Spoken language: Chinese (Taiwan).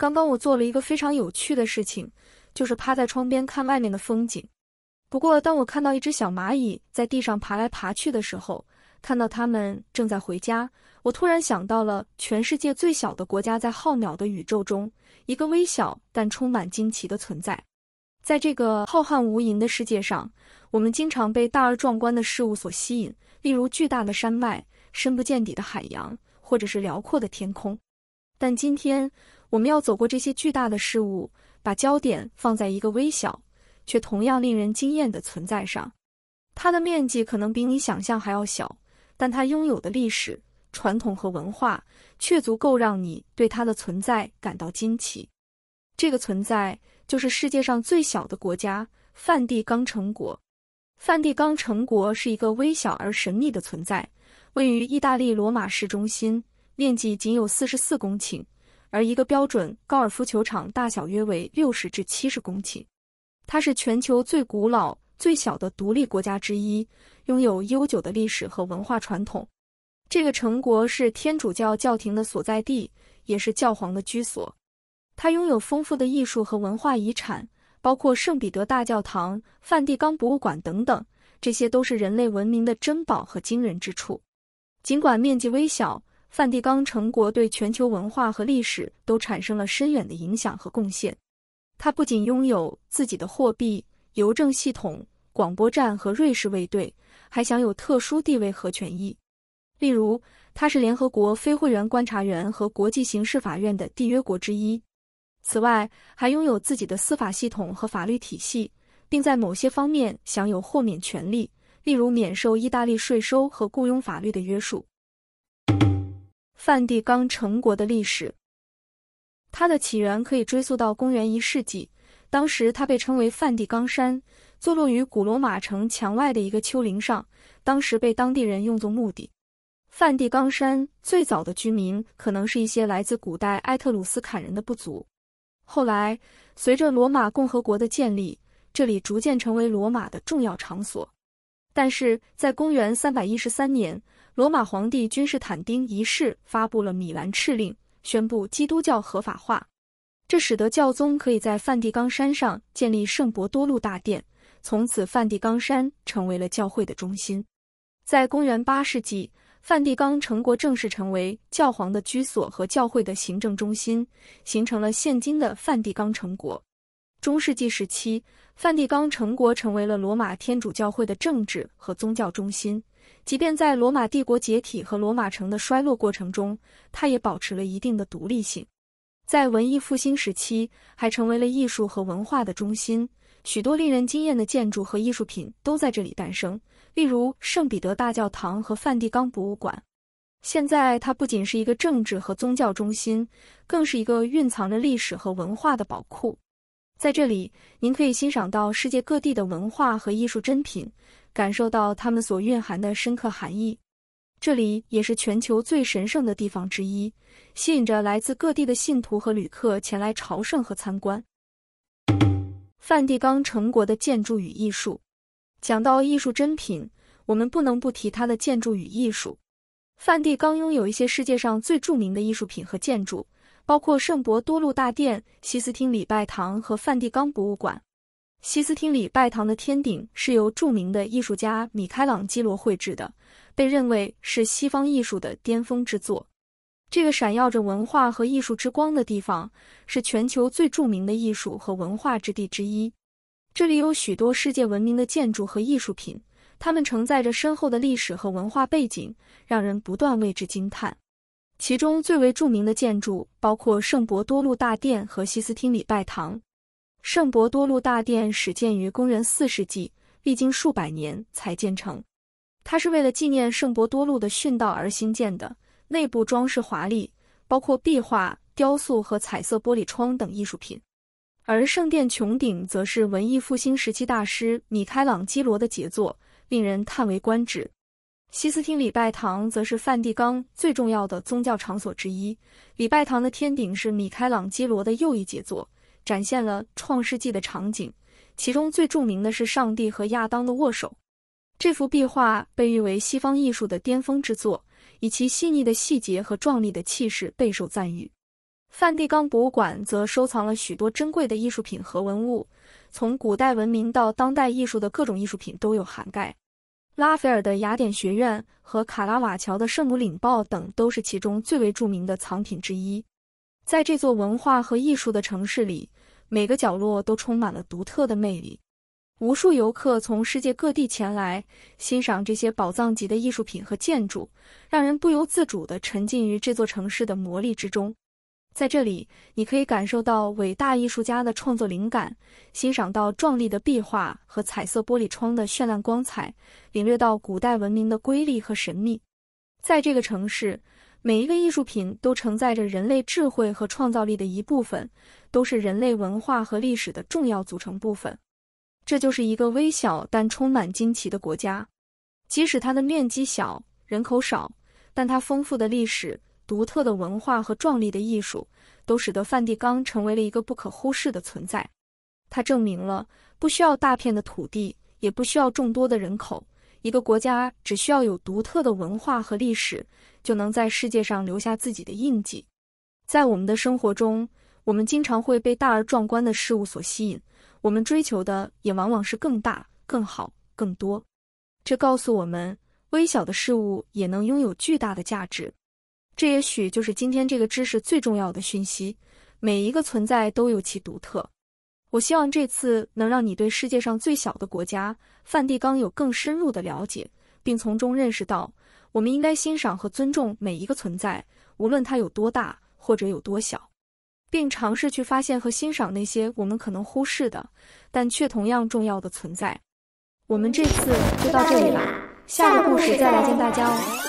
剛剛我做了一個非常有趣的事情，就是趴在窗邊看外面的風景。不過，當我看到一隻小螞蟻在地上爬來爬去的時候，看到它們正在回家，我突然想到了全世界最小的國家，在浩渺的宇宙中，一個微小但充滿驚奇的存在。在這個浩瀚無垠的世界上，我們經常被大而壯觀的事物所吸引，例如巨大的山脈、深不見底的海洋，或者是遼闊的天空。但今天，我們要走過這些巨大的事物，把焦點放在一個微小卻同樣令人驚艷的存在上。它的面積可能比你想象還要小，但它擁有的歷史、傳統和文化卻足夠讓你對它的存在感到驚奇。這個存在就是世界上最小的國家——梵蒂岡城國。梵蒂岡城國是一個微小而神秘的存在，位於意大利羅馬市中心，面積僅有四十四公頃。而一個標準高爾夫球場大小約為六十至七十公頃。它是全球最古老、最小的獨立國家之一，擁有悠久的歷史和文化傳統。這個城國是天主教教廷的所在地，也是教皇的居所。它擁有豐富的藝術和文化遺產，包括聖彼得大教堂、梵蒂岡博物館等等，這些都是人類文明的珍寶和驚人之處。儘管面積微小，梵蒂岡城國對全球文化和歷史都產生了深遠的影響和貢獻。它不僅擁有自己的貨幣、郵政系統、廣播站和瑞士衛隊，還享有特殊地位和權益。例如，他是聯合國非會員觀察員和國際刑事法院的締約國之一。此外，還擁有自己的司法系統和法律體系，並在某些方面享有豁免權利，例如免受意大利稅收和僱傭法律的約束。梵蒂岡城國的歷史，它的起源可以追溯到公元一世紀，當時它被稱為梵蒂岡山，坐落於古羅馬城牆外的一個丘陵上，當時被當地人用作墓地。梵蒂岡山最早的居民可能是一些來自古代埃特魯斯坎人的部族，後來隨着羅馬共和國的建立，這裡逐漸成為羅馬的重要場所。但是在公元三百一十三年，羅馬皇帝君士坦丁一世發佈了米蘭敕令，宣布基督教合法化，這使得教宗可以在梵蒂岡山上建立聖伯多祿大殿，從此梵蒂岡山成為了教會的中心。在公元八世紀，梵蒂岡城國正式成為教皇的居所和教會的行政中心，形成了現今的梵蒂岡城國。中世紀時期，梵蒂岡城國成為了羅馬天主教會的政治和宗教中心。即便在羅馬帝國解體和羅馬城的衰落過程中，它也保持了一定的獨立性。在文藝復興時期，還成為了藝術和文化的中心，許多令人驚艷的建築和藝術品都在這裡誕生，例如聖彼得大教堂和梵蒂岡博物館。現在它不僅是一個政治和宗教中心，更是一個蘊藏着歷史和文化的寶庫。在這裡，您可以欣賞到世界各地的文化和藝術珍品，感受到它們所蘊含的深刻含義。這裡也是全球最神聖的地方之一，吸引着來自各地的信徒和旅客前來朝聖和參觀。梵蒂岡城國的建築與藝術。講到藝術珍品，我們不能不提它的建築與藝術。梵蒂岡擁有一些世界上最著名的藝術品和建築。包括聖伯多祿大殿、西斯汀禮拜堂和梵蒂岡博物館。西斯汀禮拜堂的天頂是由著名的藝術家米開朗基羅繪製的，被認為是西方藝術的巔峰之作。這個閃耀着文化和藝術之光的地方，是全球最著名的藝術和文化之地之一。這裡有許多世界聞名的建築和藝術品，它們承載着深厚的歷史和文化背景，讓人不斷為之驚嘆。其中最為著名的建築包括聖伯多祿大殿和西斯汀禮拜堂。聖伯多祿大殿始建於公元四世紀，歷經數百年才建成。它是為了紀念聖伯多祿的殉道而新建的，內部裝飾華麗，包括壁畫、雕塑和彩色玻璃窗等藝術品。而聖殿穹頂則是文藝復興時期大師米開朗基羅的傑作，令人嘆為觀止。西斯汀禮拜堂則是梵蒂岡最重要的宗教場所之一。禮拜堂的天頂是米開朗基羅的又一傑作，展現了創世紀的場景，其中最著名的是上帝和亞當的握手。這幅壁畫被譽為西方藝術的巔峰之作，以其細膩的細節和壯麗的氣勢備受讚譽。梵蒂岡博物館則收藏了許多珍貴的藝術品和文物，從古代文明到當代藝術的各種藝術品都有涵蓋。拉斐爾的《雅典學院》和卡拉瓦喬的《聖母領報》等都是其中最為著名的藏品之一。在這座文化和藝術的城市裡，每個角落都充滿了獨特的魅力。無數遊客從世界各地前來欣賞這些寶藏級的藝術品和建築，讓人不由自主地沉浸於這座城市的魔力之中。在這裡，你可以感受到偉大藝術家的創作靈感，欣賞到壯麗的壁畫和彩色玻璃窗的絢爛光彩，領略到古代文明的瑰麗和神秘。在這個城市，每一個藝術品都承載着人類智慧和創造力的一部分，都是人類文化和歷史的重要組成部分。這就是一個微小但充滿驚奇的國家。即使它的面積小、人口少，但它豐富的歷史，獨特的文化和壯麗的藝術，都使得梵蒂岡成為了一個不可忽視的存在。它證明了，不需要大片的土地，也不需要眾多的人口，一個國家只需要有獨特的文化和歷史，就能在世界上留下自己的印記。在我們的生活中，我們經常會被大而壯觀的事物所吸引，我們追求的也往往是更大、更好、更多。這告訴我們，微小的事物也能擁有巨大的價值。這也許就是今天這個知識最重要的訊息。每一個存在都有其獨特。我希望這次能讓你對世界上最小的國家梵蒂岡有更深入的了解，並從中認識到，我們應該欣賞和尊重每一個存在，無論它有多大或者有多小，並嘗試去發現和欣賞那些我們可能忽視的，但卻同樣重要的存在。我們這次就到這裡了，下個故事再來見大家哦。